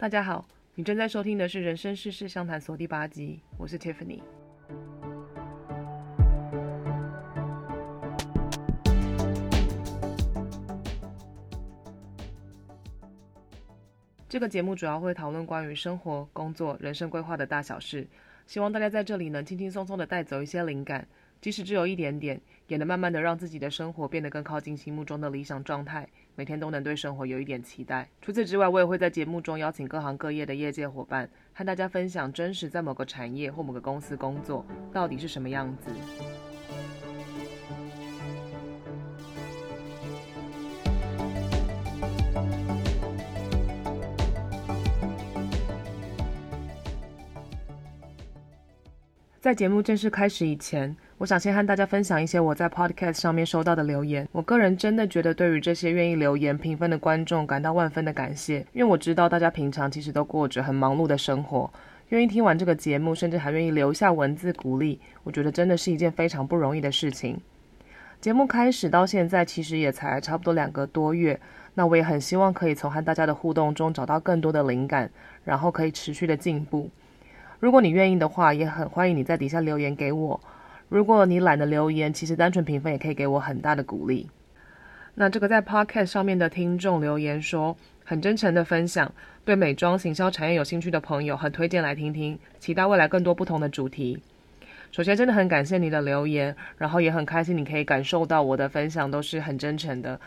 大家好，你正在收聽的是《人生仕事相談所》，第八集，我是 Tiffany。這個節目主要會討論關於生活、工作、人生規劃的大小事，希望大家在這裡能輕輕鬆鬆的帶走一些靈感，即使只有一點點，也能慢慢的讓自己的生活變得更靠近心目中的理想狀態。每天都能對生活有一點期待。除此之外，我也會在節目中邀請各行各業的業界夥伴，和大家分享真實在某個產業或某個公司工作到底是什麼樣子。在節目正式開始以前。我想先和大家分享一些我在 Podcast 上面收到的留言。我個人真的覺得，對於這些願意留言評分的觀眾，感到萬分的感謝。因為我知道大家平常其實都過着很忙碌的生活，願意聽完這個節目，甚至還願意留下文字鼓勵，我覺得真的是一件非常不容易的事情。節目開始到現在，其實也才差不多兩個多月。那我也很希望可以從和大家的互動中找到更多的靈感，然後可以持續的進步。如果你願意的話，也很歡迎你在底下留言給我。如果你懶得留言，其實單純評分也可以給我很大的鼓勵。那這個在 Podcast 上面的聽眾留言說，很真誠的分享，對美妝行銷產業有興趣的朋友，很推薦來聽聽。期待未來更多不同的主題。首先真的很感謝你的留言，然後也很開心你可以感受到我的分享都是很真誠的。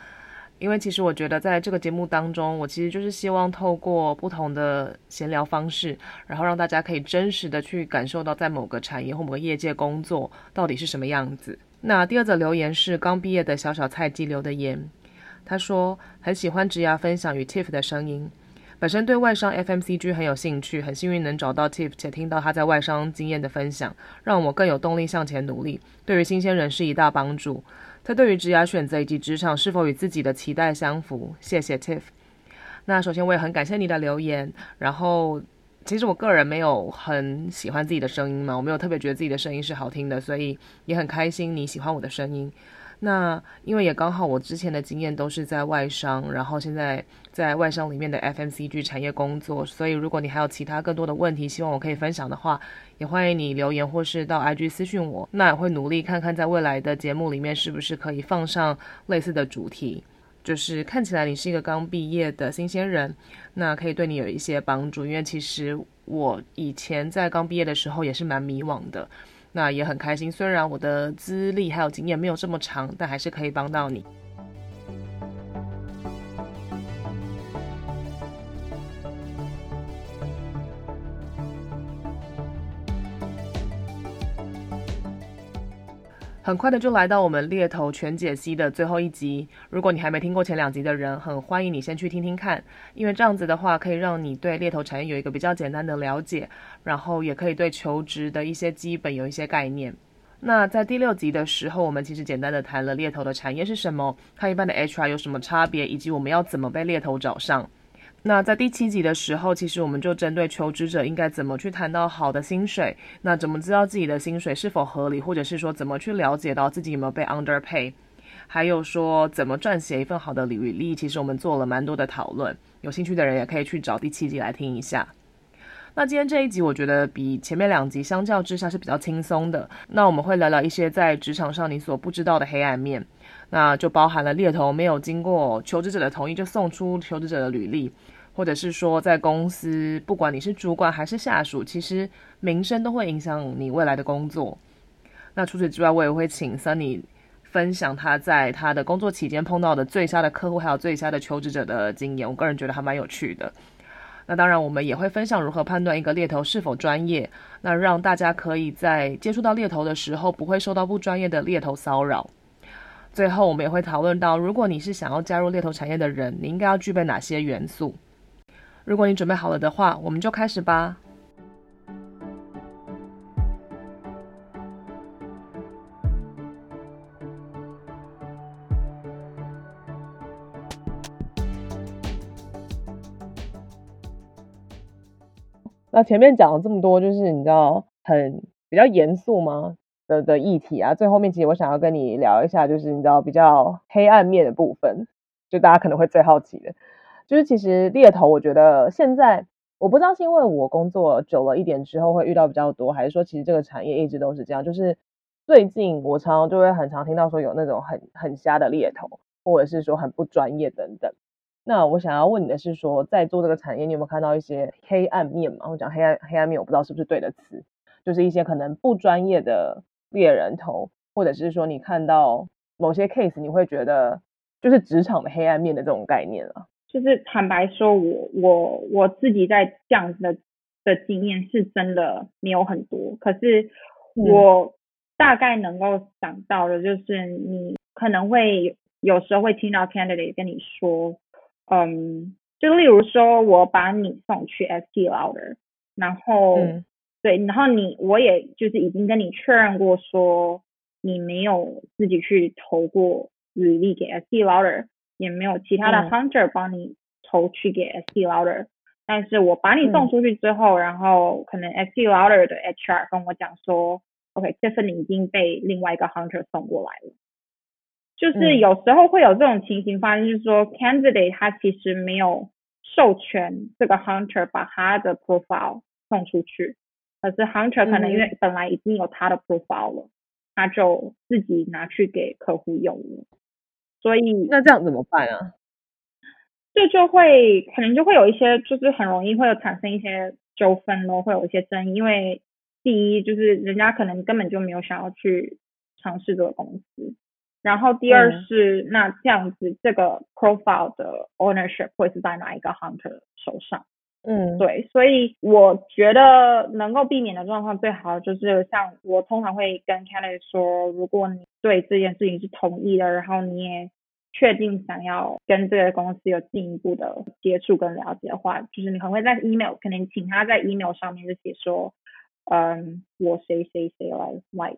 因為其實我覺得，在這個節目當中，我其實就是希望透過不同的閒聊方式，然後讓大家可以真實的去感受到，在某個產業或某個業界工作到底是什麼樣子。那第二則留言是剛畢業的小小菜雞留的言，他說很喜歡職涯分享與 Tiff 的聲音，本身對外商 FMCG 很有興趣，很幸運能找到 Tiff 且聽到他在外商經驗的分享，讓我更有動力向前努力，對於新鮮人是一大幫助。他對於職業選擇以及職場是否與自己的期待相符？謝謝 Tiff。那首先我也很感謝你的留言。然後，其實我個人沒有很喜歡自己的聲音嘛，我沒有特別覺得自己的聲音是好聽的，所以也很開心你喜歡我的聲音。那因為也剛好我之前的經驗都是在外商，然後現在在外商裡面的 FMCG 產業工作，所以如果你還有其他更多的問題，希望我可以分享的話，也歡迎你留言或是到 IG 私訊我，那也會努力看看在未來的節目裡面是不是可以放上類似的主題。就是看起來你是一個剛畢業的新鮮人，那可以對你有一些幫助，因為其實我以前在剛畢業的時候也是蠻迷惘的。那也很開心，雖然我的資歷還有經驗沒有這麼長，但還是可以幫到你。很快的就來到我們獵頭全解析的最後一集。如果你還沒聽過前兩集的人，很歡迎你先去聽聽看，因為這樣子的話可以讓你對獵頭產業有一個比較簡單的了解，然後也可以對求職的一些基本有一些概念。那在第六集的時候，我們其實簡單的談了獵頭的產業是什麼，它一般的 HR 有什麼差別，以及我們要怎麼被獵頭找上。那在第七集的時候，其實我們就針對求職者應該怎麼去談到好的薪水，那怎麼知道自己的薪水是否合理，或者是說怎麼去了解到自己有沒有被 underpay，還有說怎麼撰寫一份好的履歷，其實我們做了蠻多的討論。有興趣的人也可以去找第七集來聽一下。那今天這一集我覺得比前面兩集相較之下是比較輕鬆的。那我們會聊聊一些在職場上你所不知道的黑暗面，那就包含了獵頭沒有經過求職者的同意就送出求職者的履歷。或者是說，在公司，不管你是主管還是下屬，其實名聲都會影響你未來的工作。那除此之外，我也會請 Sunny 分享他在他的工作期間碰到的最瞎的客戶，還有最瞎的求職者的經驗。我個人覺得還蠻有趣的。那當然，我們也會分享如何判斷一個獵頭是否專業，那讓大家可以在接觸到獵頭的時候不會受到不專業的獵頭騷擾。最後，我們也會討論到，如果你是想要加入獵頭產業的人，你應該要具備哪些元素。如果你準備好了的話，我們就開始吧。那前面講了這麼多，就是你知道很比較嚴肅嗎的的議題啊。最後面，其實我想要跟你聊一下，就是你知道比較黑暗面的部分，就大家可能會最好奇的。就是其實獵頭，我覺得現在我不知道是因為我工作久了一點之後會遇到比較多，還是說其實這個產業一直都是這樣。就是最近我常常就會很常聽到說有那種很很瞎的獵頭，或者是說很不專業等等。那我想要問你的是說，說在做這個產業，你有沒有看到一些黑暗面嘛？我講黑暗黑暗面，我不知道是不是對的詞，就是一些可能不專業的獵人頭，或者是說你看到某些 case，你會覺得就是職場的黑暗面的這種概念啊。就是坦白說我，我我我自己在這樣的的經驗是真的沒有很多，可是我大概能夠想到的，就是你可能會有時候會聽到 candidate 跟你說，嗯，就例如說我把你送去 ST Lauder，然後、嗯、對，然後你我也就是已經跟你確認過說，你沒有自己去投過履歷給 ST Lauder。也沒有其他的 hunter、嗯、幫你投去給 SE Lauder、嗯、但是我把你送出去之後，嗯、然後可能 SE Lauder 的 HR 跟我講說、嗯、OK，這是你已經被另外一個 hunter 送過來了，就是有時候會有這種情形發生，就是說、嗯、candidate 他其實沒有授權這個 hunter 把他的 profile 送出去，可是 hunter 可能因為本來已經有他的 profile 了，嗯、他就自己拿去給客戶用了。所以那這樣怎麼辦啊？這就，就會可能就會有一些，就是很容易會有產生一些糾紛咯，會有一些爭議。因為第一就是人家可能根本就沒有想要去嘗試這個公司，然後第二是、嗯、那這樣子這個 profile 的 ownership 會是在哪一個 hunter 手上？嗯，對，所以我覺得能夠避免的狀況最好就是像我通常會跟 Kelly 說，如果你對這件事情是同意的，然後你也確定想要跟這個公司有進一步的接觸跟了解的話，就是你可能會在 email，可能請他在 email 上面就寫說，嗯，我誰誰誰來來。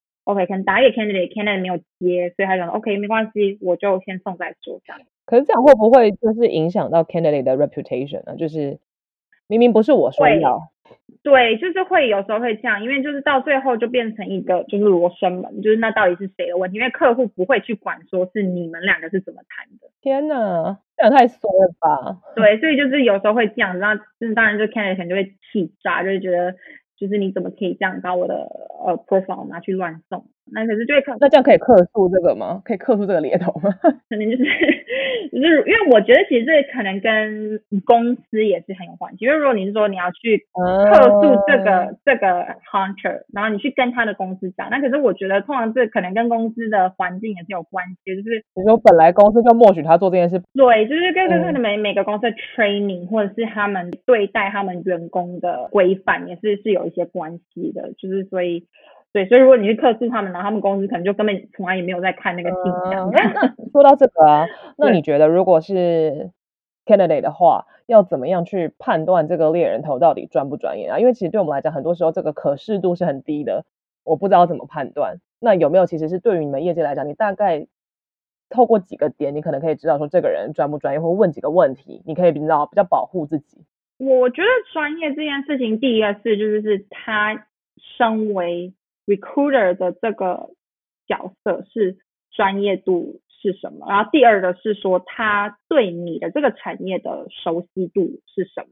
OK，可能打給 candidate，candidate 沒有接，所以他講 OK，沒關係，我就先送在桌上。可是這樣會不會就是影響到 candidate 的 reputation 呢？啊？就是明明不是我說要，對，就是會有時候會這樣，因為就是到最後就變成一個就是羅生門嘛，就是那到底是誰的問題？因為客戶不會去管說是你們兩個是怎麼談的。天哪，啊，這樣太衰了吧？對，所以就是有時候會這樣，那當然就 candidate 就會氣炸，就是覺得。就是你怎麼可以這樣把我的呃 profile 拿去亂送？那可是就會克，那這樣可以客訴這個嗎？可以客訴這個獵頭嗎？可能就是就是因為我覺得其實這可能跟公司也是很有關係。因為如果你是說你要去客訴這個、嗯、這個 hunter，然後你去跟他的公司講，那可是我覺得通常這可能跟公司的環境也是有關係。就是你說本來公司就默許他做這件事，對，就是跟跟每每個公司的 training、嗯、或者是他們對待他們員工的規範也是是有一些關係的。就是所以。對，所以如果你去測試他們，那他們公司可能就根本從來也沒有在看那個信息。呃、那說到這個、啊， 對那你覺得如果是 candidate 的話，要怎麼樣去判斷這個獵人頭到底專不專業啊？因為其實對我們來講，很多時候這個可視度是很低的，我不知道怎麼判斷。那有沒有其實是對於你們業界來講，你大概透過幾個點，你可能可以知道說這個人專不專業，或問幾個問題，你可以比較保護自己。我覺得專業這件事情，第一個是就是他身為 recruiter 的這個角色是專業度是什麼？然後第二個是說他對你的這個產業的熟悉度是什麼？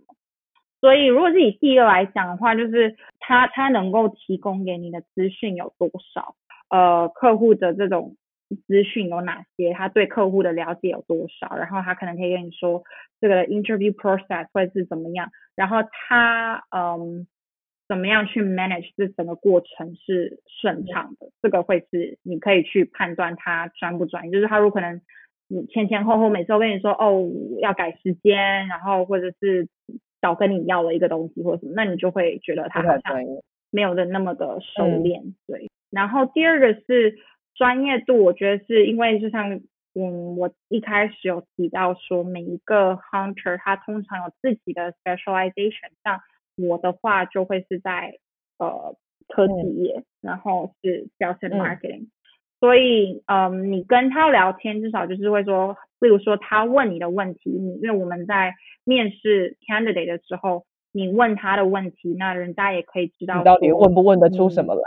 所以如果是以第一個來講的話，就是他他能夠提供給你的資訊有多少？呃，客戶的這種資訊有哪些？他對客戶的了解有多少？然後他可能可以跟你說這個 interview process 會是怎麼樣？然後他嗯。怎麼樣去 manage 這整個過程是順暢的？嗯、這個會是你可以去判斷他專不專業，就是他如果可能，你前前後後每次都跟你說哦要改時間，然後或者是找跟你要了一個東西或什麼，那你就會覺得他好像沒有的那麼的熟練。對。對嗯、然後第二個是專業度，我覺得是因為就像嗯我一開始有提到說每一個 hunter 他通常有自己的 specialization，像。我的話就會是在呃科技業，嗯、然後是銷售 marketing，嗯、所以嗯，你跟他聊天至少就是會說，例如說他問你的問題，你因為我們在面試 candidate 的時候，你問他的問題，那人家也可以知道你到底問不問得出什麼來？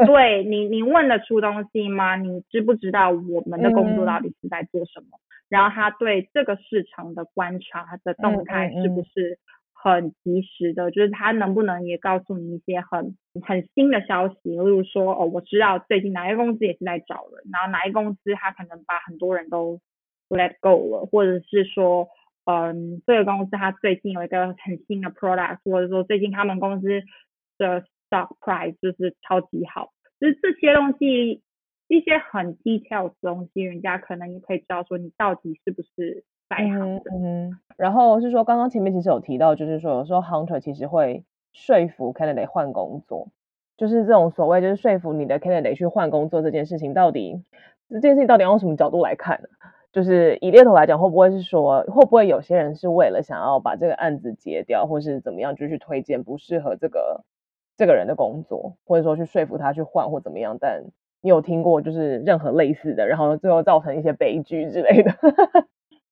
你對你，你問得出東西嗎？你知不知道我們的工作到底是在做什麼？嗯、然後他對這個市場的觀察的動態是不是？嗯嗯嗯很及時的，就是他能不能也告訴你一些很很新的消息，例如說哦，我知道最近哪一家公司也是在找人，然後哪一家公司他可能把很多人都 let go 了，或者是說，嗯，這個公司他最近有一個很新的 product，或者說最近他們公司的 stock price 就是超級好，就是這些東西一些很 details 的東西，人家可能也可以知道說你到底是不是。嗯嗯，然後是說，剛剛前面其實有提到，就是說有時候 hunter 其實會說服 candidate 換工作，就是這種所謂就是說服你的 candidate 去換工作這件事情，到底這件事情到底要用什麼角度來看呢、啊？就是以獵頭來講，會不會是說，會不會有些人是為了想要把這個案子結掉，或是怎麼樣，就去推薦不適合這個這個人的工作，或者說去說服他去換或怎麼樣？但你有聽過就是任何類似的，然後最後造成一些悲劇之類的？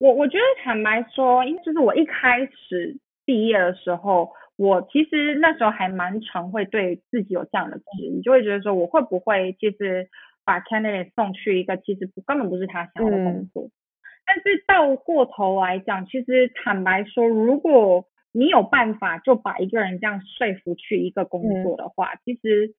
我我覺得坦白說，因為就是我一開始畢業的時候，我其實那時候還蠻常會對自己有這樣的質疑，你就會覺得說我會不會其實把 candidate 送去一個其實根本不是他想要的工作。嗯、但是倒過頭來講，其實坦白說，如果你有辦法就把一個人這樣說服去一個工作的話，嗯、其實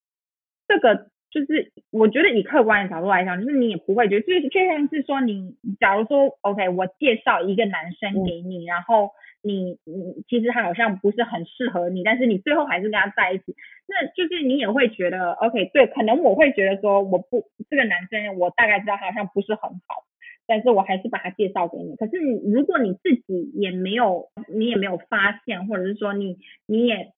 這個。就是我覺得以客觀的角度來講，就是你也不會覺得，就是就像是說你，你假如說，OK，我介紹一個男生給你，嗯、然後你你其實他好像不是很適合你，但是你最後還是跟他在一起，那就是你也會覺得，OK，對，可能我會覺得說，我不這個男生，我大概知道他好像不是很好，但是我還是把他介紹給你。可是你如果你自己也沒有，你也沒有發現，或者是說你你也。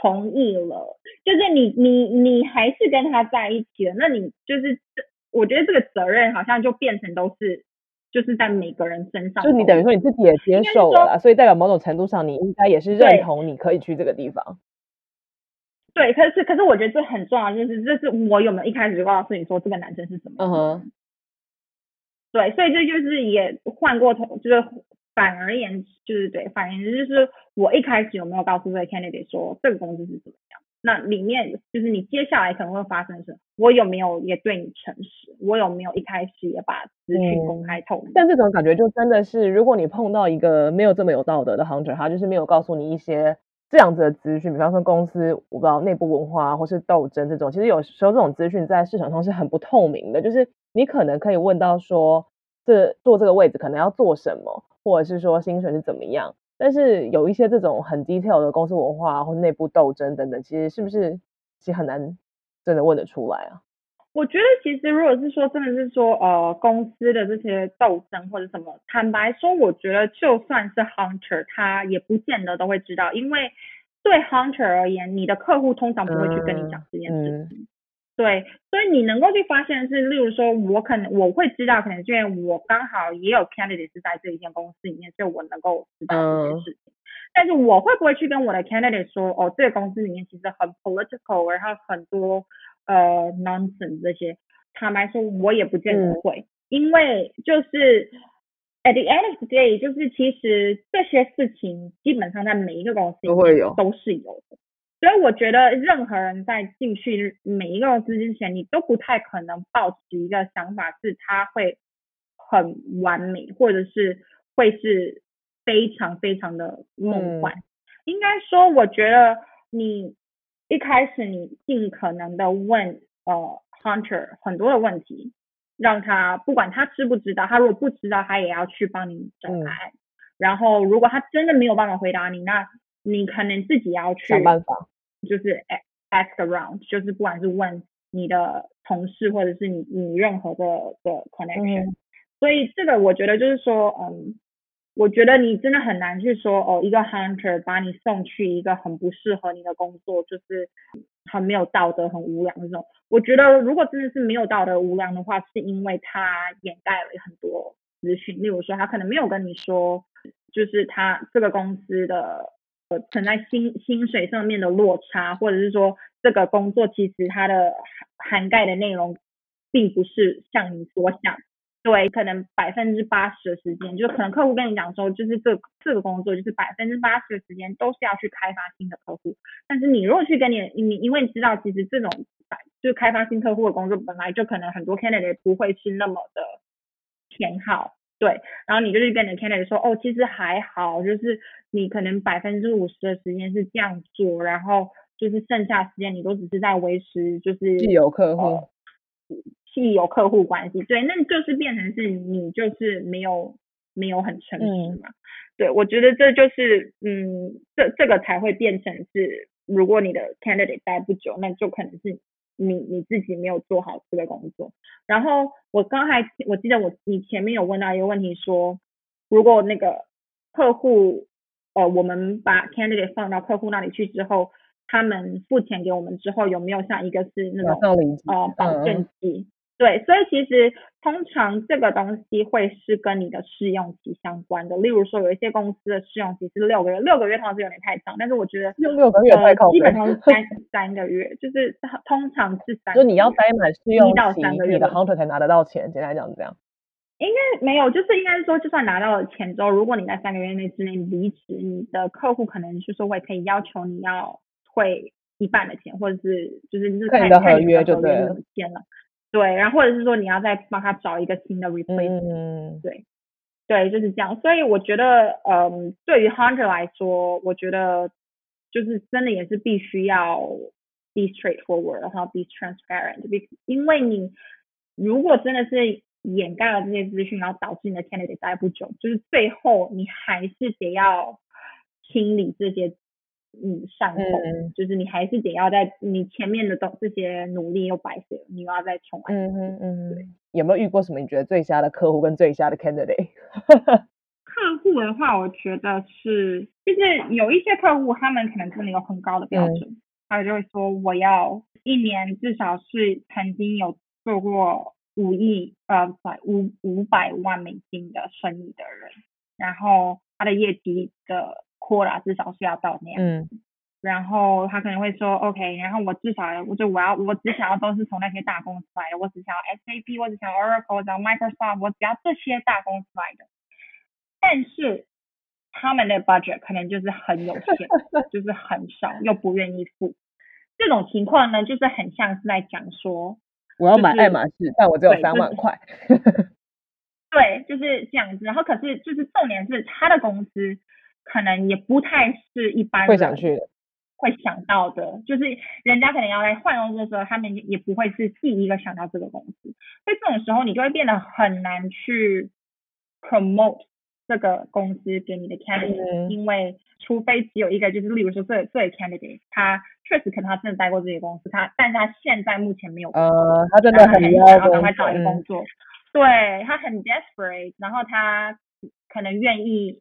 同意了，就是你你你還是跟他在一起了，那你就是我覺得這個責任好像就變成都是就是在每個人身上。就你等於說你自己也接受了，所以代表某種程度上你應該也是認同你可以去這個地方。對，對，可是可是我覺得這很重要，就是，就是這是我有沒有一開始就告訴你說這個男生是什麼？嗯哼、uh。Huh. 對，所以這就是也換過頭，就是。反而言之就是對，反而言就是我一開始有沒有告訴這個 candidate 說這個公司是怎麼樣？那裡面就是你接下來可能會發生什麼？我有沒有也對你誠實？我有沒有一開始也把資訊公開透明？嗯，但這種感覺就真的是，如果你碰到一個沒有這麼有道德的 hunter，他就是沒有告訴你一些這樣子的資訊，比方說公司我不知道內部文化或是鬥爭這種，其實有時候這種資訊在市場上是很不透明的。就是你可能可以問到說，這做這個位置可能要做什麼？或者是說薪水是怎麼樣，但是有一些這種很 detail 的公司文化或內部鬥爭等等，其實是不是其實很難真的問得出來啊？我覺得其實如果是說真的是說呃，公司的這些鬥爭或者什麼，坦白說，我覺得就算是 Hunter 他也不見得都會知道，因為對 Hunter 而言，你的客戶通常不會去跟你講這件事情。嗯嗯。對，所以你能夠去發現是，例如說，我可能我會知道，可能就因為我剛好也有 candidate 是在這一間公司裡面，就我能夠知道這些事情。嗯、但是我會不會去跟我的 candidate 說，哦，這個公司裡面其實很 political，然後很多呃 nonsense 這些，坦白說，我也不見得會，嗯、因為就是 at the end of the day，就是其實這些事情基本上在每一個公司都會有，都是有的。所以我覺得，任何人在進去每一個公司之前，你都不太可能抱持一個想法，是他會很完美，或者是會是非常非常的夢幻。嗯、應該說，我覺得你一開始你盡可能的問呃 hunter 很多的問題，讓他不管他知不知道，他如果不知道，他也要去幫你找答案。嗯、然後如果他真的沒有辦法回答你，那你可能自己要去想辦法。就是 ask around，就是不管是問你的同事或者是你你任何的的 connection，、嗯、所以這個我覺得就是說，嗯，我覺得你真的很難去說哦，一個 hunter 把你送去一個很不適合你的工作，就是很沒有道德、很無良的那種。我覺得如果真的是沒有道德、無良的話，是因為他掩蓋了很多資訊，例如說他可能沒有跟你說，就是他這個公司的。存在薪、薪水上面的落差，或者是說這個工作其實它的涵蓋的內容，並不是像你所想。對，可能百分之八十的時間，就可能客戶跟你講說，就是這這個工作就是百分之八十的時間都是要去開發新的客戶。但是你如果去跟你，你因為你知道其實這種就是開發新客戶的工作，本來就可能很多 candidate 不會是那麼的偏好。對，然後你就是跟 the candidate 說，哦，其實還好，就是你可能百分之五十的時間是這樣做，然後就是剩下時間你都只是在維持，就是既有客戶，哦，既有客戶關係，對，那就是變成是你就是沒有沒有很誠實嘛，嗯、對，我覺得這就是，嗯，這這個才會變成是，如果你的 candidate 待不久，那就可能是。你你自己沒有做好這個工作，然後我剛才我記得我你前面有問到一個問題說，說如果那個客戶呃，我們把 candidate 放到客戶那裡去之後，他們付錢給我們之後，有沒有像一個是那種呃保證金？嗯、對，所以其實。通常這個東西會是跟你的試用期相關的，例如說有一些公司的試用期是六個月，六個月，通常是有點太長，但是我覺得六個月太基本上是三 三個月，就是通常是三個月。就你要待滿試用期，到三個月的你的 hunter 才拿得到錢。簡單來講是這樣。應該沒有，就是應該是說，就算拿到了錢之後，如果你在三個月內之內離職，你的客戶可能就是會可以要求你要退一半的錢，或者是就是就是看你的合約就，合約沒有簽了。對，然後或者是說你要再幫他找一個新的 replacement，嗯，對，對，就是這樣。所以我覺得，嗯，對於 hunter 來說，我覺得就是真的也是必須要 be straightforward，然後 be transparent，because, 因為你如果真的是掩蓋了這些資訊，然後導致你的 candidate 待不久，就是最後你還是得要清理這些。嗯，上空，就是你還是得要在你前面的都這些努力又白費，你又要再重來，嗯。嗯嗯嗯嗯。對有沒有遇過什麼你覺得最瞎的客戶跟最瞎的 candidate？ 客戶的話，我覺得是，就是有一些客戶，他們可能真的有很高的標準，嗯、他就會說我要一年至少是曾經有做過五億呃百、啊、五五百萬美金的生意的人，然後他的業績的。闊啦，至少是要到那樣，嗯、然後他可能會說 OK，然後我至少我就我要我只想要都是從那些大公司來的，我只想要 S A P，我只想要 Oracle，只要 Microsoft，我只要這些大公司來的。但是他們的 budget 可能就是很有限， 就是很少又不願意付。這種情況呢，就是很像是在講說，我要買愛馬仕，就是，但我只有三萬塊。對，就是這樣子。然後可是就是重點是他的工資。可能也不太是一般會想去，會想到的的就是人家可能要來換工作的時候，他們也不會是第一個想到這個公司。所以這種時候，你就會變得很難去 promote 這個公司給你的 candidate，嗯、因為除非只有一個，就是例如說這這 candidate，他確實可能他真的待過這些公司，他但他現在目前沒有呃，他真的很厲害，他很然後趕快找一個工作，嗯、對他很 desperate，然後他可能願意。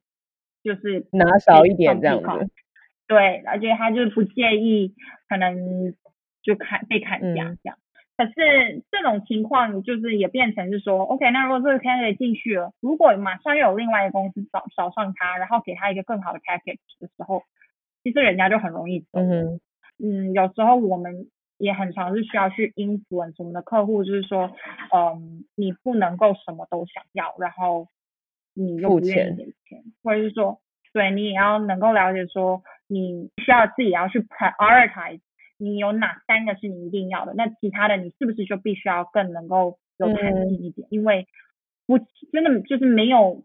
就是拿少一點這樣子，對，而且他就不介意可能就砍被砍價這樣。嗯，可是這種情況就是也變成是說、嗯，OK，那如果這個 candidate 進去了，如果馬上又有另外一個公司找找上他，然後給他一個更好的 package 的時候，其實人家就很容易走。嗯哼，嗯，有時候我們也很常是需要去 influence 我們的客戶，就是說，嗯，你不能夠什麼都想要，然後。你又不願意給錢，錢或者是說，對你也要能夠了解說，說你需要自己要去 prioritize，你有哪三個是你一定要的，那其他的你是不是就必須要更能夠有彈性一點？嗯、因為我真的就是沒有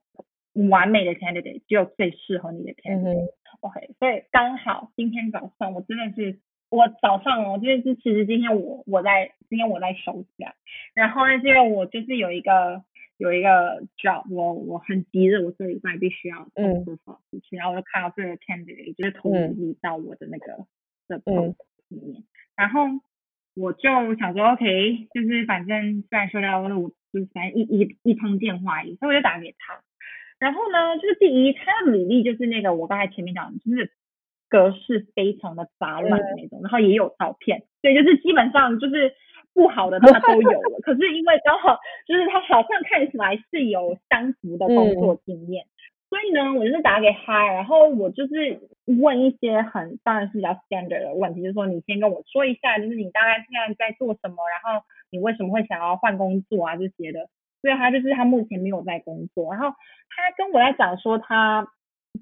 完美的 candidate，只有最適合你的 candidate。嗯、哼 OK，所以剛好今天早上我真的是，我早上我因為是其實今天我我在今天我在休假啊，然後呢是因為我就是有一個。有一個 job，我我很急着，我這一塊必須要，然後我就看到這個 candidate 就是投遞到我的那個、嗯、的裡面，然後我就想說 OK，就是反正雖然說要我，就是反正一一一通電話，所以我就打給他。然後呢，就是第一，他的履歷就是那個我剛才前面講的，就是格式非常的雜亂的那種，嗯、然後也有照片，對，就是基本上就是。不好的他都有了， 可是因為剛好就是他好像看起來是有相符的工作經驗，嗯、所以呢，我就是打給他，然後我就是問一些很當然是比較 standard 的問題，就是說你先跟我說一下，就是你大概現在在做什麼，然後你為什麼會想要換工作啊這些的。所以他就是他目前沒有在工作，然後他跟我在講說他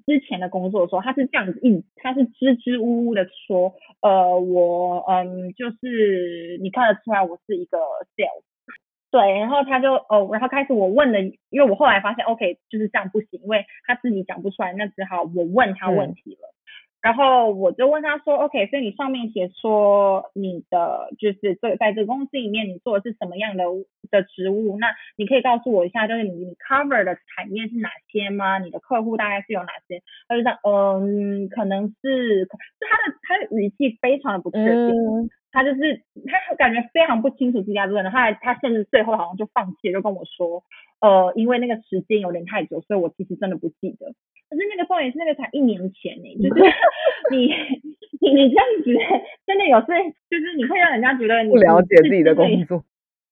之前的工作的時候，他是這樣子一，他是支支吾吾的說，呃，我嗯，就是你看得出來我是一個 sales，對，然後他就哦，然後開始我問了，因為我後來發現，OK 就是這樣不行，因為他自己講不出來，那只好我問他問題了。然後我就問他說：“OK，所以你上面寫說你的就是在在這個公司裡面你做的是什麼樣的的職務？那你可以告訴我一下，就是你你 cover 的產業是哪些嗎？你的客戶大概是有哪些？”他就說：“嗯，可能是……是他的他的語氣非常的不確定。嗯”他就是他，感覺非常不清楚自家責人。後來他甚至最後好像就放棄了，就跟我說：“呃，因為那個時間有點太久，所以我其實真的不記得。”可是那個重點是那個才一年前呢、欸，就是你 你，你這樣子覺得真的有是，就是你會讓人家覺得你是是不了解自己的工作。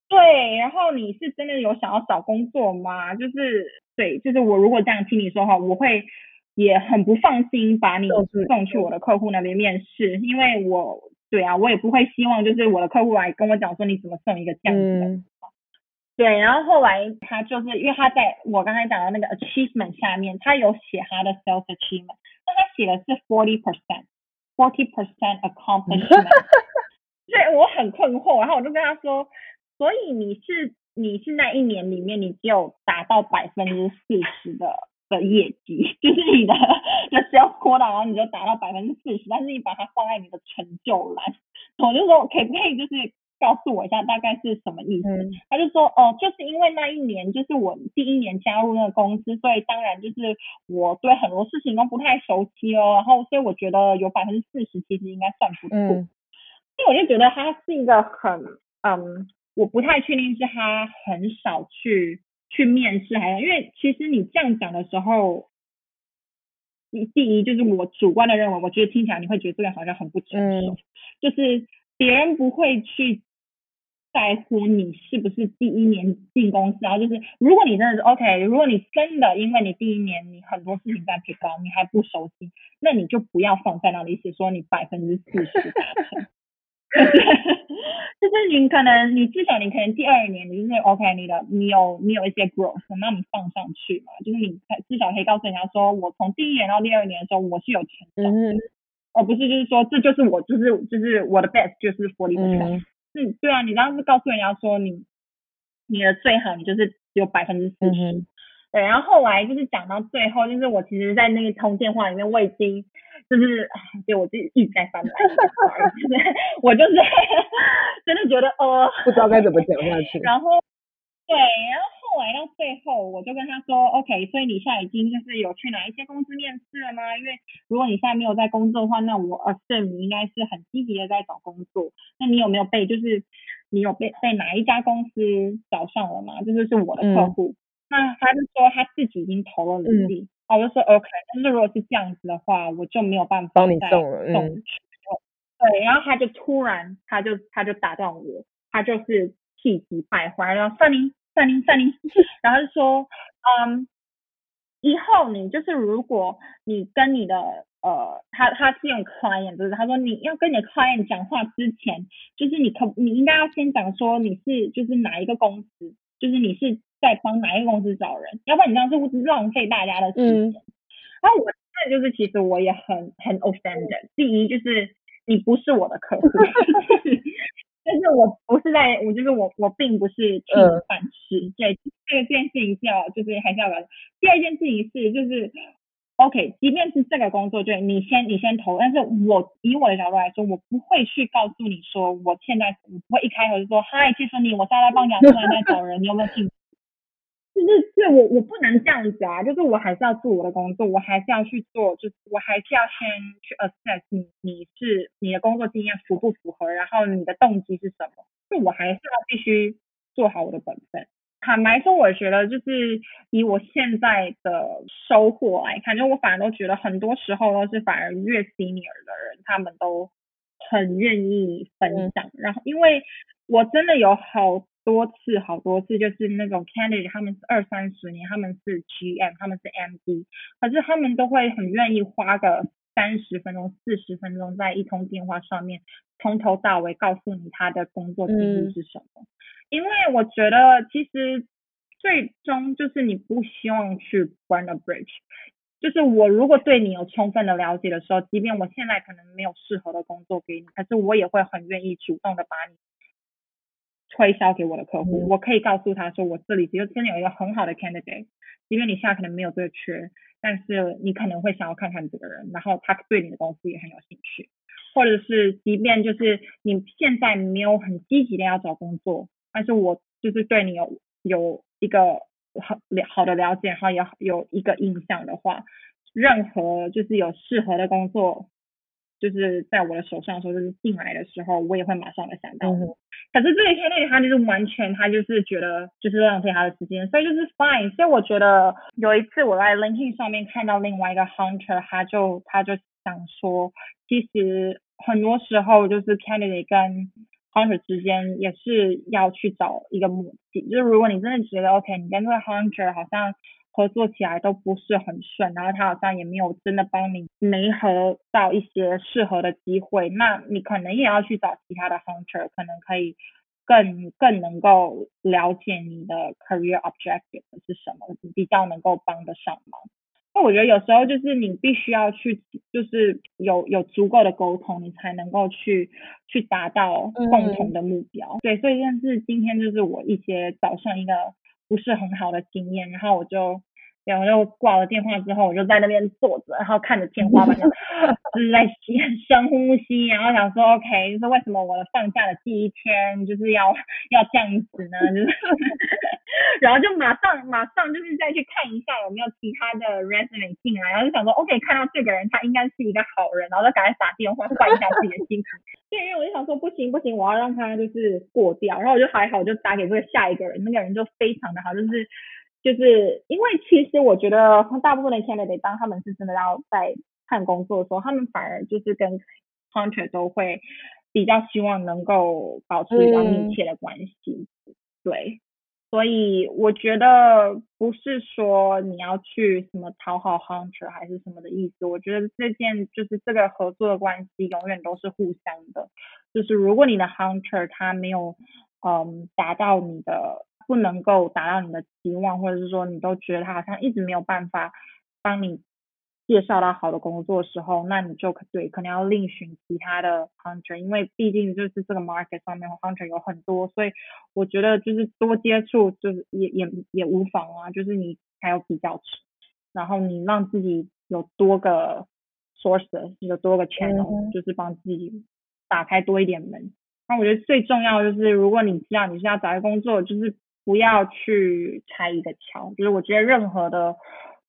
對，然後你是真的有想要找工作嗎？就是對，就是我如果這樣聽你說哈，我會也很不放心把你送去我的客戶那邊面試，就是、因為我。對啊，我也不會希望，就是我的客戶來跟我講說，你怎麼送一個這樣子的。嗯、對，然後後來他就是因為他在我剛才講的那個 achievement 下面，他有寫他的 self achievement，但他寫的是 forty percent，forty percent accomplishment。 對，我很困惑，然後我就跟他說，所以你是你是那一年裡面你只有達到百分之四十的。的業績就是你的，就是要擴大，然後你就達到百分之四十，但是你把它放在你的成就欄。我就說可不可以，就是告訴我一下大概是什麼意思。嗯、他就說，哦，就是因為那一年就是我第一年加入那個公司，所以當然就是我對很多事情都不太熟悉哦，然後所以我覺得有百分之四十其實應該算不錯。嗯、所以我就覺得他是一個很，嗯，我不太確定是他很少去。去面試，還要因為其實你這樣講的時候，你第一就是我主觀的認為，我覺得聽起來你會覺得這個好像很不成熟，嗯、就是別人不會去在乎你是不是第一年進公司，然後就是如果你真的是 OK，如果你真的因為你第一年你很多事情在提高，你還不熟悉，那你就不要放在那裡，只說你百分之四十。 就是， 就是你可能，你至少你可能第二年，你就是 OK，你的你有你有一些 growth，那我們放上去嘛，就是你至少可以告訴人家說，我從第一年到第二年的時候，我是有成長的。哦、嗯，而不是，就是說，這就是我就是就是我的 best，就是火力全開。嗯，對啊，你當時告訴人家說你你的最好就是有百分之四十。嗯對，然後後來就是講到最後，就是我其實，在那個通電話裡面，我已經就是，對，我自己一直在翻白眼， 我就是真的覺得哦，不知道該怎麼講下去。然後，對，然後後來到最後，我就跟他說、嗯、，OK，所以你現在已經就是有去哪一些公司面試了嗎？因為如果你現在沒有在工作的話，那我 assume 你應該是很積極的在找工作。那你有沒有被就是你有被被哪一家公司找上了嗎？就是是我的客戶。嗯那他就說他自己已經投了人力，我、嗯、就說 OK。那如果是這樣子的話，我就沒有辦法幫你送了。嗯、對，然後他就突然，他就他就打斷我，他就是氣急敗壞，然後三零三零三零。”然後，fanny, fanny, fanny 然後就說：“嗯、um，以後你就是如果你跟你的呃，他他是用 client，就是他說你要跟你的 client 講話之前，就是你可你應該要先講說你是就是哪一個公司，就是你是。”在幫哪一個公司找人，要不然你這樣是浪費大家的時間。然後、嗯啊、我在就是其實我也很很 o f f e n d e d，第一就是你不是我的客戶， 但是我不是在，我就是我我並不是去反思，這這個這件事情要就是還是要了解。第二件事情是就是，OK，即便是這個工作，對你先你先投，但是我以我的角度來說，我不會去告訴你說，我現在我不會一開口就說 h i j e r 我是、啊、 來幫雅詩蘭黛找人，你有沒有興趣？就是是我我不能這樣子啊，就是我還是要做我的工作，我還是要去做，就是我還是要先去 assess 你你是你的工作經驗符不符合，然後你的動機是什麼？就我還是要必須做好我的本分。坦白說，我覺得就是以我現在的收穫來看，就我反而都覺得很多時候都是反而越 senior 的人，他們都很願意分享，嗯、然後因為。我真的有好多次，好多次，就是那種 candidate，他們是二三十年，他們是 GM，他們是 MD，可是他們都會很願意花個三十分鐘、四十分鐘在一通電話上面，從頭到尾告訴你他的工作經歷是什麼。嗯、因為我覺得其實最終就是你不希望去 burn a bridge，就是我如果對你有充分的了解的時候，即便我現在可能沒有適合的工作給你，可是我也會很願意主動的把你。推銷給我的客戶，嗯、我可以告訴他說，我這裡只有真的有一個很好的 candidate，即便你現在可能沒有這個缺，但是你可能會想要看看你這個人，然後他對你的公司也很有興趣，或者是即便就是你現在沒有很積極的要找工作，但是我就是對你有有一個很好，好的了解，然後也有有一個印象的話，任何就是有適合的工作，就是在我的手上的時候，就是進來的時候，我也會馬上的想到。嗯可是這個 candidate 他就是完全他就是覺得就是浪費他的時間，所以就是 fine。所以我覺得有一次我在 LinkedIn 上面看到另外一個 hunter，他就他就想說，其實很多時候就是 candidate 跟 hunter 之間也是要去找一個目的，就是如果你真的覺得 OK，你跟這個 hunter 好像。合作起來都不是很順，然後他好像也沒有真的幫你媒合到一些適合的機會，那你可能也要去找其他的 hunter，可能可以更更能夠了解你的 career objective 是什麼，比較能夠幫得上忙？那我覺得有時候就是你必須要去，就是有有足夠的溝通，你才能夠去去達到共同的目標。嗯、對，所以但是今天就是我一些早上一個。不是很好的經驗，然後我就。然後就掛了電話之後，我就在那邊坐着，然後看着天花板， 就來在深呼吸，然後想說 OK，就是為什麼我的放假的第一天就是要要這樣子呢？就是， 然後就馬上馬上就是再去看一下有沒有其他的 resume 進來，然後就想說 OK，看到這個人他應該是一個好人，然後就趕快打電話，換一下自己的心情。 對，因為我就想說不行不行，我要讓他就是過掉，然後我就還好，好，就打給這個下一個人，那個人就非常的好，就是。就是因為其實我覺得大部分的 candidate 當他們是真的要在看工作的時候，他們反而就是跟 hunter 都會比較希望能夠保持一種密切的關係。嗯、對，所以我覺得不是說你要去什麼討好 hunter 還是什麼的意思。我覺得這件就是這個合作的關係永遠都是互相的。就是如果你的 hunter 他沒有嗯達到你的。不能夠達到你的期望，或者是說你都覺得他好像一直沒有辦法幫你介紹到好的工作的時候，那你就對，可能要另尋其他的 hunter，因為畢竟就是這個 market 上面 hunter 有很多，所以我覺得就是多接觸，就是也也也無妨啊，就是你還有比較池，然後你讓自己有多個 sources，有多個 channel，Mm-hmm. 就是幫自己打開多一點門。那我覺得最重要就是，如果你知道你是要找一個工作，就是不要去拆一個橋，就是我覺得任何的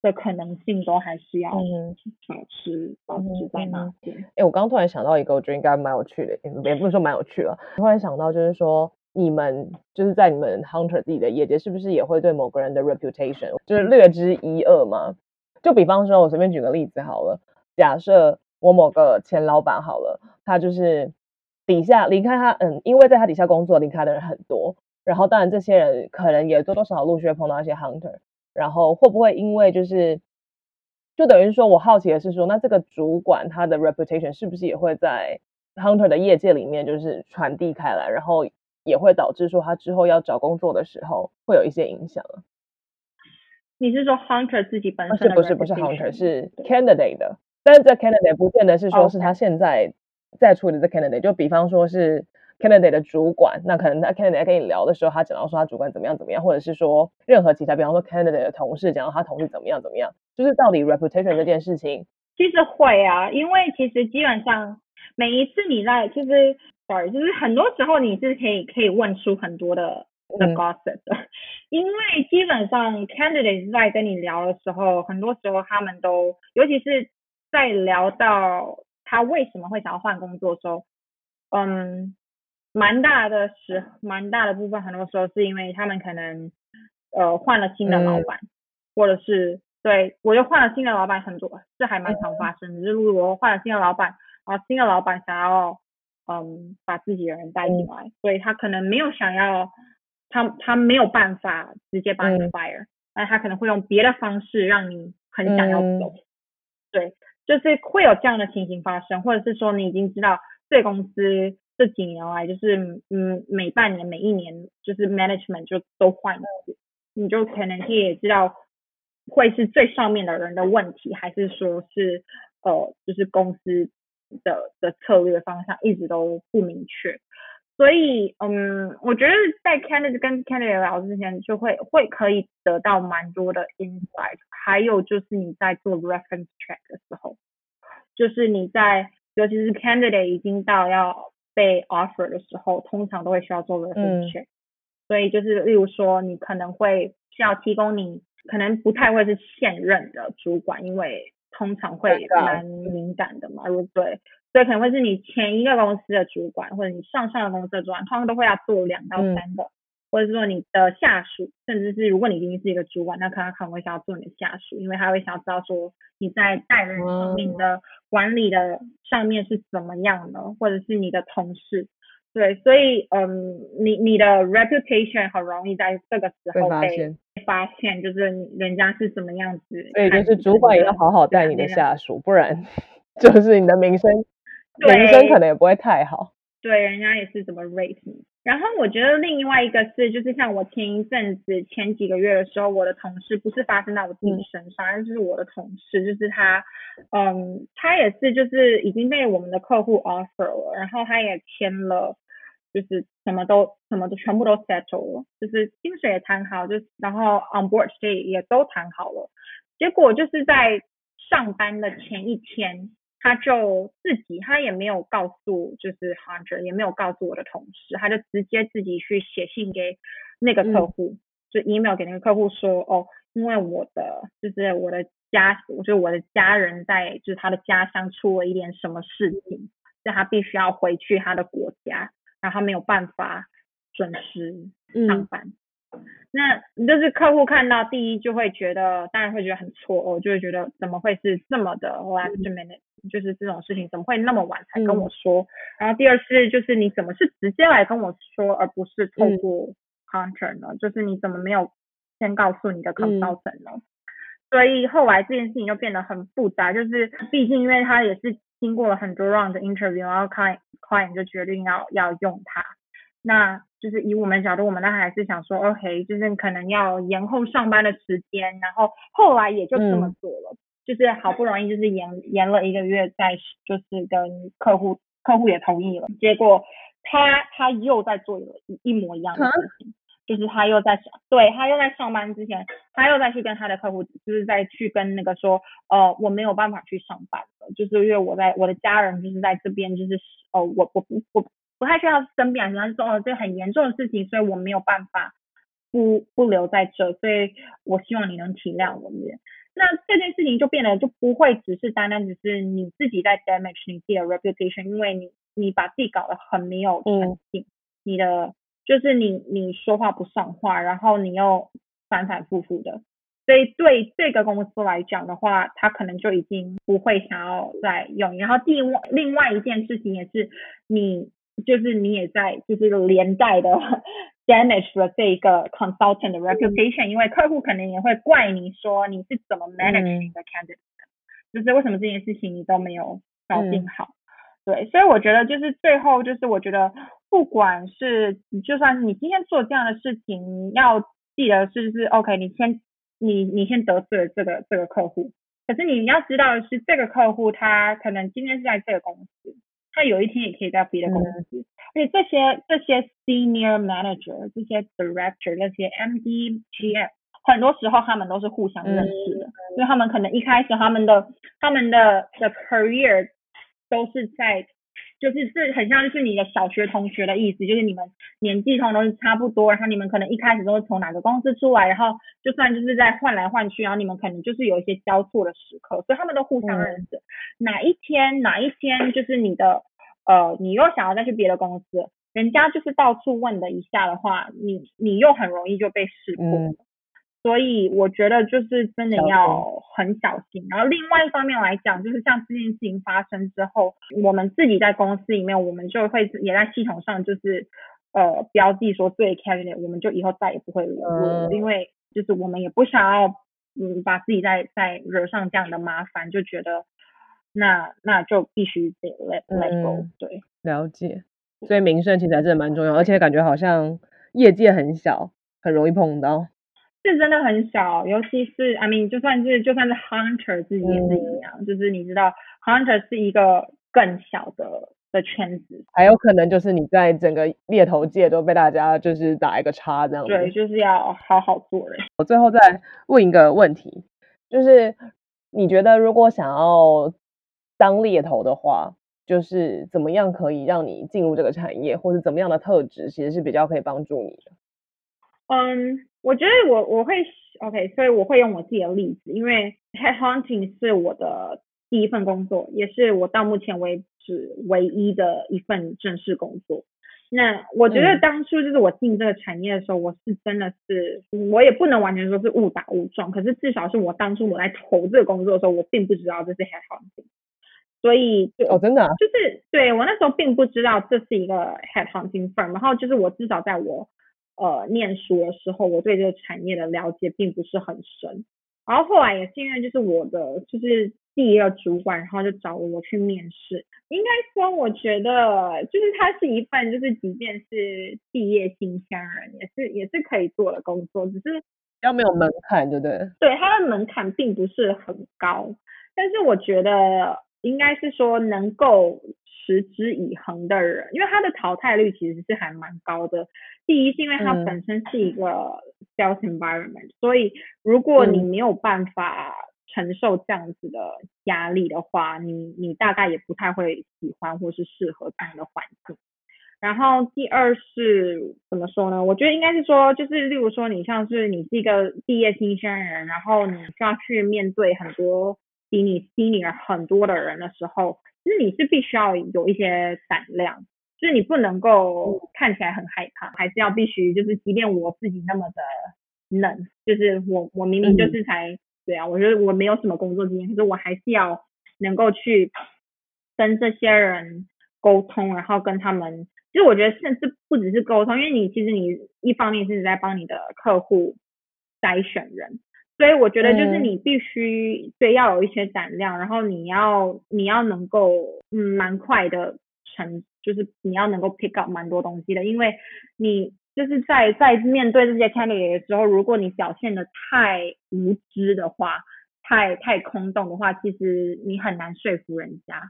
的可能性都還是要保持、嗯嗯、保持在那邊。哎、嗯嗯嗯，我剛突然想到一個，我覺得應該蠻有趣的，也不能說蠻有趣了。突然想到就是說，你們就是在你們 hunter 自己的業界，是不是也會對某個人的 reputation 就是略知一二嘛？就比方說，我隨便舉個例子好了，假設我某個前老闆好了，他就是底下離開他，嗯，因為在他底下工作離開的人很多。然後，當然，這些人可能也多多少少陸續碰到一些 hunter，然後會不會因為就是，就等於說我好奇的是說，那這個主管他的 reputation 是不是也會在 hunter 的業界裡面就是傳遞開來，然後也會導致說他之後要找工作的時候會有一些影響。你是說 hunter 自己本身不是不是 hunter 是 candidate 的，但是這 candidate 不見得是說是他現在在處理的這 candidate，、oh. 就比方說是。Candidate 的主管，那可能他 Candidate 跟你聊的時候，他講到說他主管怎麼樣怎麼樣，或者是說任何其他，比方說 Candidate 的同事，講到他同事怎麼樣怎麼樣，就是到底 reputation 這件事情，其實會啊，因為其實基本上每一次你在，其實 sorry，就是很多時候你是可以可以問出很多的 the gossip 的。嗯，因為基本上 Candidate 在跟你聊的時候，很多時候他們都，尤其是在聊到他為什麼會想要換工作的時候，嗯。蠻大的時，蠻大的部分，很多時候是因為他們可能，呃，換了新的老闆，嗯、或者是對，我就換了新的老闆，很多這還蠻常發生。嗯、就是如果我換了新的老闆，然後新的老闆想要，嗯，把自己的人帶進來，嗯、所以他可能沒有想要，他他沒有辦法直接把你 fire，那、嗯、他可能會用別的方式讓你很想要走。嗯、對，就是會有這樣的情形發生，或者是說你已經知道這公司。這幾年來，就是嗯，每半年、每一年，就是 management 就都換一次，你就可能也知道會是最上面的人的問題，還是說是呃，就是公司的的策略方向一直都不明確。所以，嗯，我覺得在 candidate 跟 candidate 聊之前，就會會可以得到蠻多的 insight。還有就是你在做 reference check 的時候，就是你在尤其是 candidate 已經到要被 offer 的時候，通常都會需要做 b a r u e 所以就是例如說，你可能會需要提供你可能不太會是現任的主管，因為通常會蠻敏感的嘛，嗯、對，所以可能會是你前一個公司的主管或者你上上個公司的主管，通常都會要做兩到三個。嗯或者是說你的下屬，甚至是如果你已經是一個主管，那可能他可能會想要做你的下屬，因為他會想要知道說你在帶人、管理的管理的上面是怎麼樣的，嗯、或者是你的同事，對，所以嗯，你你的 reputation 很容易在這個時候被發現，就是人家是什麼樣子。對，就是，是所以就是主管也要好好帶你的下屬，對不然就是你的名聲，對名聲可能也不會太好。對，人家也是怎麼 rate 你。然後我覺得另外一個是，就是像我前一陣子、前幾個月的時候，我的同事不是發生在我自己身上，嗯、而是我的同事，就是他，嗯，他也是就是已經被我們的客戶 offer 了，然後他也簽了，就是什麼都、什麼都全部都 settle 了，就是薪水也談好，就然後 onboard day 也都談好了，結果就是在上班的前一天。他就自己，他也沒有告訴，就是 Hunter 也沒有告訴我的同事，他就直接自己去寫信給那個客戶，嗯、就 email 給那個客戶說，哦，因為我的就是我的家，就是我的家人在就是他的家鄉出了一點什麼事情，所以他必須要回去他的國家，然後他沒有辦法準時上班。嗯那就是客戶看到第一就會覺得，當然會覺得很錯愕，就會覺得怎麼會是這麼的 last minute，就是這種事情怎麼會那麼晚才跟我說？嗯、然後第二是就是你怎麼是直接來跟我說，而不是透過 hunter 呢？嗯、就是你怎麼沒有先告訴你的 consultant 呢？嗯、所以後來這件事情就變得很複雜，就是畢竟因為他也是經過了很多 round 的 interview，然後 client client 就決定要要用他。那就是以我們角度，我們那還是想說，OK，就是可能要延後上班的時間，然後後來也就這麼做了，嗯、就是好不容易就是延延了一個月，再就是跟客戶客戶也同意了，結果他他又在做一,一模一樣的事情，嗯、就是他又在上，對，他又在上班之前，他又再去跟他的客戶，就是在去跟那個說，呃，我沒有辦法去上班了，就是因為我在我的家人就是在這邊，就是呃，我我不我。我不太需要生病，人家說哦，這很嚴重的事情，所以我沒有辦法不不留在這，所以我希望你能體諒我一點。那這件事情就變得就不會只是單單只是你自己在 damage 你自己的 reputation，因為你你把自己搞得很沒有誠信、嗯、你的就是你你說話不算話，然後你又反反复复的，所以對這個公司來講的話，他可能就已經不會想要再用。然後另外另外一件事情也是你。就是你也在，就是連帶的 damage 了這一個 consultant 的 reputation，、嗯、因為客戶可能也會怪你說，你是怎麼 managing the candidate，、嗯、就是為什麼這件事情你都沒有搞定好，嗯、對，所以我覺得就是最後就是我覺得不管是就算你今天做這樣的事情，你要記得、就是是 OK，你先你你先得罪了這個這個客戶，可是你要知道的是這個客戶他可能今天是在這個公司。那有一天也可以在別的公司，嗯、而且這些這些 senior manager、這些 director、嗯、那些 MD、GM，很多時候他們都是互相認識的，嗯、因為他們可能一開始他們的他們的的 career 都是在。就是這很像是你的小學同學的意思，就是你們年紀上都是差不多，然後你們可能一開始都是從哪個公司出來，然後就算就是在換來換去，然後你們可能就是有一些交錯的時刻，所以他們都互相認識。嗯、哪一天哪一天就是你的呃，你又想要再去別的公司，人家就是到處問了一下的話，你你又很容易就被識破。嗯所以我覺得就是真的要很小心。了解。然後另外一方面來講，就是像這件事情發生之後，我們自己在公司裡面，我們就會也在系統上就是呃標記說，對 candidate 我們就以後再也不會惹，嗯、因為就是我們也不想要嗯把自己再再惹上這樣的麻煩，就覺得那那就必須得 let let go 對。對、嗯，了解。所以名聲其實還真的蠻重要，而且感覺好像業界很小，很容易碰到。是真的很小，尤其是 I mean，就算是就算是 Hunter 自己也是一樣，嗯、就是你知道 Hunter 是一個更小的的圈子，還有可能就是你在整個獵頭界都被大家就是打一個叉這樣子。對，就是要好好做人。我、哦、最後再問一個問題，對就是你覺得如果想要當獵頭的話，就是怎麼樣可以讓你進入這個產業，或是怎麼樣的特質其實是比較可以幫助你的？嗯。Um, 我覺得我我會 OK，所以我會用我自己的例子，因為 Headhunting 是我的第一份工作，也是我到目前為止唯一的一份正式工作。那我覺得當初就是我進這個產業的時候，嗯、我是真的是，我也不能完全說是誤打誤撞，可是，至少是我當初我在投這個工作的時候，我並不知道這是 Headhunting。所以就，哦，真的，啊，就是對，我那時候並不知道這是一個 Headhunting firm，然後就是我至少在我。呃，念書的時候，我對這個產業的了解並不是很深。然後後來也是因為，就是我的就是第一個主管，然後就找我去面試。應該說，我覺得就是他是一份就是即便是畢業新鮮人，也是也是可以做的工作，只是要沒有門檻，對不對？對，它的門檻並不是很高，但是我覺得應該是說能夠。持之以恆的人，因為他的淘汰率其實是還蠻高的。第一是因為他本身是一個高壓 environment，、嗯、所以如果你沒有辦法承受這樣子的壓力的話，嗯、你你大概也不太會喜歡或是適合這樣的環境。然後第二是怎麼說呢？我覺得應該是說，就是例如說你像是你是一個畢業新鮮人，然後你要去面對很多比你 senior 很多的人的時候。其實你是必須要有一些膽量，就是你不能夠看起來很害怕，嗯、還是要必須就是，即便我自己那麼的冷，就是我我明明就是才、嗯、對啊，我覺得我沒有什麼工作經驗，可是我還是要能夠去跟這些人溝通，然後跟他們，就我覺得甚至不只是溝通，因為你其實你一方面是在幫你的客戶篩選人。所以我覺得就是你必須，對，要有一些膽量，嗯、然後你要你要能夠嗯蠻快的成，就是你要能夠 pick up 蠻多東西的，因為你就是在在面對這些 candidate 的時候，如果你表現得太無知的話，太太空洞的話，其實你很難說服人家，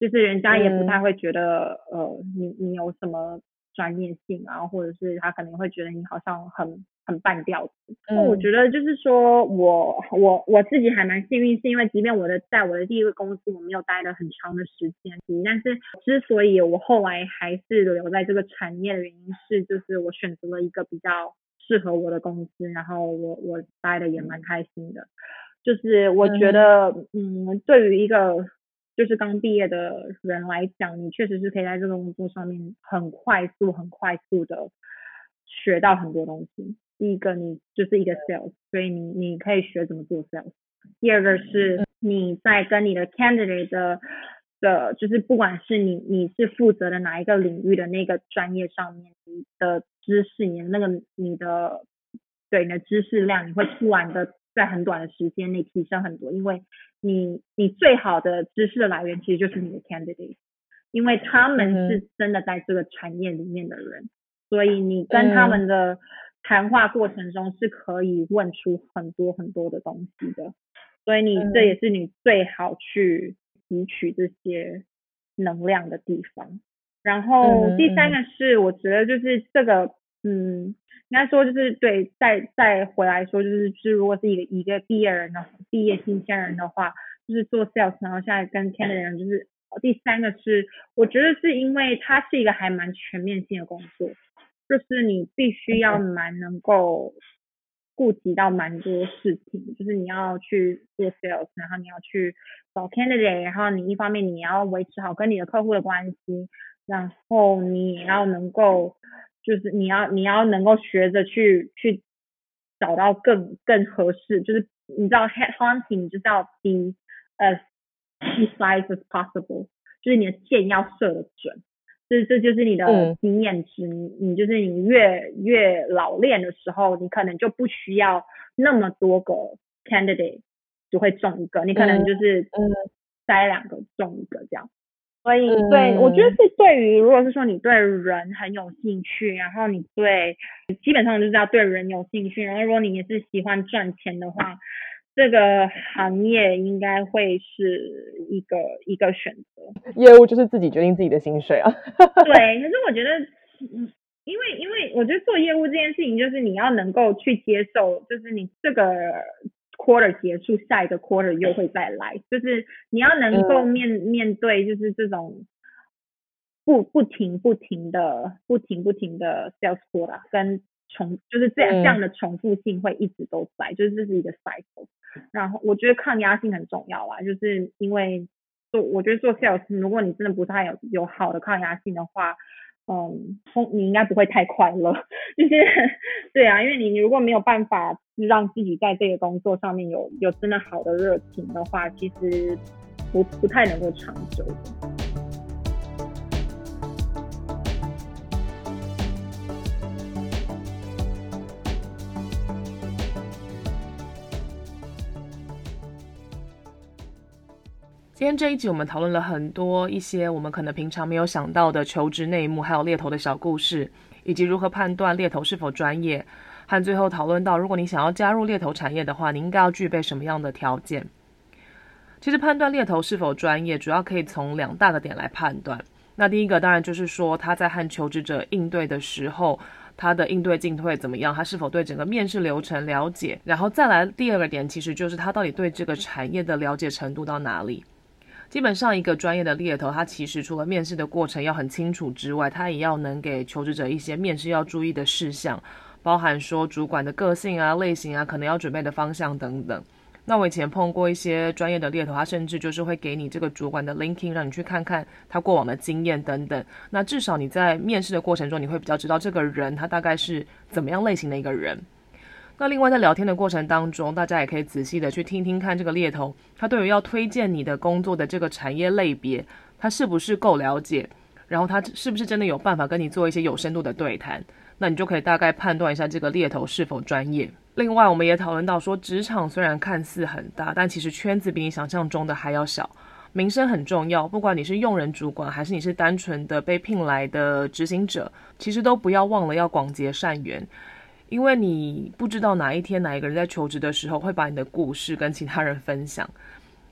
就是人家也不太會覺得、嗯、呃你你有什麼專業性啊，或者是他可能會覺得你好像很。很半吊子，那、嗯、我覺得就是說我，我我我自己還蠻幸運，是因為即便我的在我的第一個公司我沒有待了很長的時間，但是之所以我後來還是留在這個產業的原因是，就是我選擇了一個比較適合我的公司，然後我我待的也蠻開心的。就是我覺得，嗯，嗯，對於一個就是剛畢業的人來講，你確實是可以在這個工作上面很快速、很快速的學到很多東西。第一個你就是一個 sales，所以你你可以學怎麼做 sales。第二個是你在跟你的 candidate 的、的就是不管是你你是負責的哪一個領域的那個專業上面，你的知識你的那個你的，對你的知識量，你會突然的在很短的時間內提升很多，因為你你最好的知識的來源其實就是你的 candidate，因為他們是真的在這個產業裡面的人，嗯、所以你跟他們的。嗯談話過程中是可以問出很多很多的東西的，所以你這也是你最好去汲取這些能量的地方。然後第三個是我覺得就是這個，嗯，應該說就是對，再再回來說就是，是如果是一個一個畢業人的話，畢業新鮮人的話，就是做 sales，然後現在跟 candidate 的人，就是第三個是，我覺得是因為他是一個還蠻全面性的工作。就是你必須要蠻能夠顧及到蠻多事情，Okay. 就是你要去做 sales，然後你要去找 candidate，然後你一方面你要維持好跟你的客戶的關係，然後你也要能夠，就是你要你要能夠學着去去找到更更合適，就是你知道 head hunting 你就知道 be as precise as possible，就是你的箭要射的準。這這就是你的經驗值，嗯、你就是你越越老練的時候，你可能就不需要那麼多個 candidate 就會中一個，你可能就是嗯塞兩個中一個這樣。所以對、嗯、我覺得是對於如果是說你對人很有興趣，然後你對基本上就是要對人有興趣，然後如果你也是喜歡賺錢的話。這個行業應該會是一個一個選擇。業務就是自己決定自己的薪水啊。 對，可是我覺得，嗯，因為因為我覺得做業務這件事情，就是你要能夠去接受，就是你這個 quarter 結束，下一個 quarter 又會再來，就是你要能夠面、嗯、面對，就是這種不不停不停的不停不停的 sales 啦，跟。重，就是這樣，嗯、這樣的重複性會一直都在，就是這是一個 cycle。然後我覺得抗壓性很重要啊，就是因為做我覺得做 sales，如果你真的不太有有好的抗壓性的話，嗯，通你應該不會太快樂。就是 對啊，因為你你如果沒有辦法讓自己在這個工作上面有有真的好的熱情的話，其實不不太能夠長久的。今天這一集，我們討論了很多一些我們可能平常沒有想到的求職內幕，還有獵頭的小故事，以及如何判斷獵頭是否專業，和最後討論到，如果你想要加入獵頭產業的話，你應該要具備什麼樣的條件。其實判斷獵頭是否專業，主要可以從兩大個點來判斷。那第一個當然就是說他在和求職者應對的時候，他的應對進退怎麼樣，他是否對整個面試流程了解，然後再來第二個點，其實就是他到底對這個產業的了解程度到哪裡。基本上，一個專業的獵頭，他其實除了面試的過程要很清楚之外，他也要能給求職者一些面試要注意的事項，包含說主管的個性啊、類型啊，可能要準備的方向等等。那我以前碰過一些專業的獵頭，他甚至就是會給你這個主管的 LinkedIn，讓你去看看他過往的經驗等等。那至少你在面試的過程中，你會比較知道這個人他大概是怎麼樣類型的一個人。那另外在聊天的過程當中，大家也可以仔細的去聽聽看這個獵頭，他對於要推薦你的工作的這個產業類別，他是不是夠了解，然後他是不是真的有辦法跟你做一些有深度的對談，那你就可以大概判斷一下這個獵頭是否專業。另外我們也討論到說，職場雖然看似很大，但其實圈子比你想象中的還要小，名聲很重要，不管你是用人主管還是你是單純的被聘來的執行者，其實都不要忘了要廣結善緣。因為你不知道哪一天哪一個人在求職的時候會把你的故事跟其他人分享，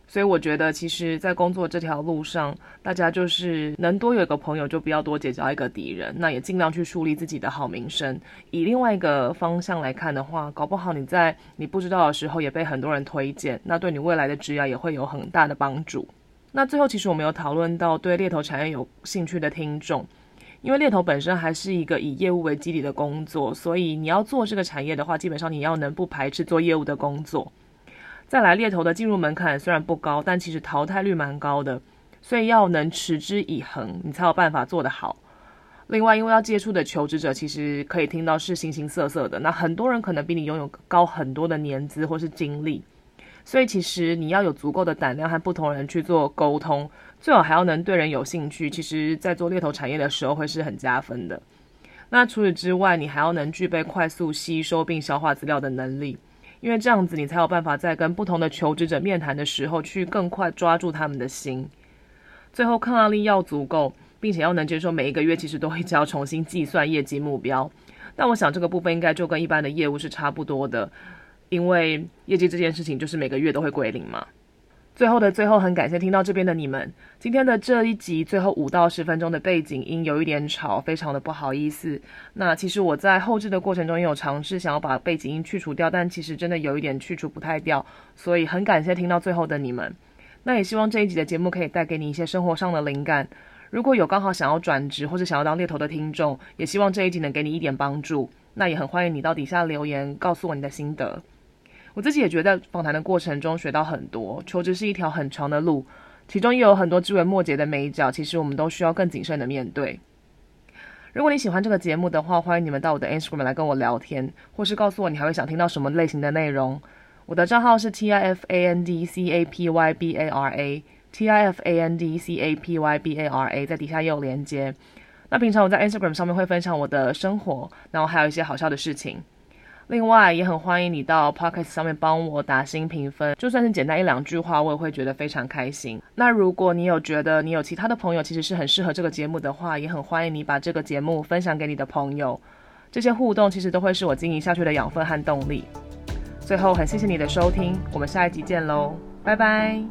所以我覺得其實，在工作這條路上，大家就是能多有一個朋友，就不要多結交一個敵人。那也盡量去樹立自己的好名聲。以另外一個方向來看的話，搞不好你在你不知道的時候也被很多人推薦，那對你未來的職涯也會有很大的幫助。那最後，其實我們有討論到對獵頭產業有興趣的聽眾。因為獵頭本身還是一個以業務為基底的工作，所以你要做這個產業的話，基本上你要能不排斥做業務的工作。再來，獵頭的進入門檻雖然不高，但其實淘汰率蠻高的，所以要能持之以恆，你才有辦法做得好。另外，因為要接觸的求職者其實可以聽到是形形色色的，那很多人可能比你擁有高很多的年資或是經歷。所以其實你要有足夠的膽量和不同人去做溝通，最好還要能對人有興趣。其實，在做獵頭產業的時候會是很加分的。那除此之外，你還要能具備快速吸收並消化資料的能力，因為這樣子你才有辦法在跟不同的求職者面談的時候去更快抓住他們的心。最後，抗壓力要足夠，並且要能接受每一個月其實都會要重新計算業績目標。但我想這個部分應該就跟一般的業務是差不多的。因為業績這件事情就是每個月都會歸零嘛。最後的最後，很感謝聽到這邊的你們。今天的這一集最後五到十分鐘的背景音有一點吵，非常的不好意思。那其實我在後製的過程中也有嘗試想要把背景音去除掉，但其實真的有一點去除不太掉。所以很感謝聽到最後的你們。那也希望這一集的節目可以帶給你一些生活上的靈感。如果有剛好想要轉職或者想要當獵頭的聽眾，也希望這一集能給你一點幫助。那也很歡迎你到底下留言告訴我你的心得。我自己也覺得，在訪談的過程中學到很多。求職是一條很長的路，其中也有很多枝微末節的眉角，其實我們都需要更謹慎的面對。如果你喜歡這個節目的話，歡迎你們到我的 Instagram 來跟我聊天，或是告訴我你還會想聽到什麼類型的內容。我的賬號是 T I F A N D C A P Y B A R A，T I F A N D C A P Y B A R A，在底下也有連接。那平常我在 Instagram 上面會分享我的生活，然後還有一些好笑的事情。另外也很歡迎你到 Pocket 上面幫我打新評分，就算是簡單一兩句話，我也會覺得非常開心。那如果你有覺得你有其他的朋友其實是很適合這個節目的話，也很歡迎你把這個節目分享給你的朋友。這些互動其實都會是我經營下去的養分和動力。最後很謝謝你的收聽，我們下一集見嘍，拜拜。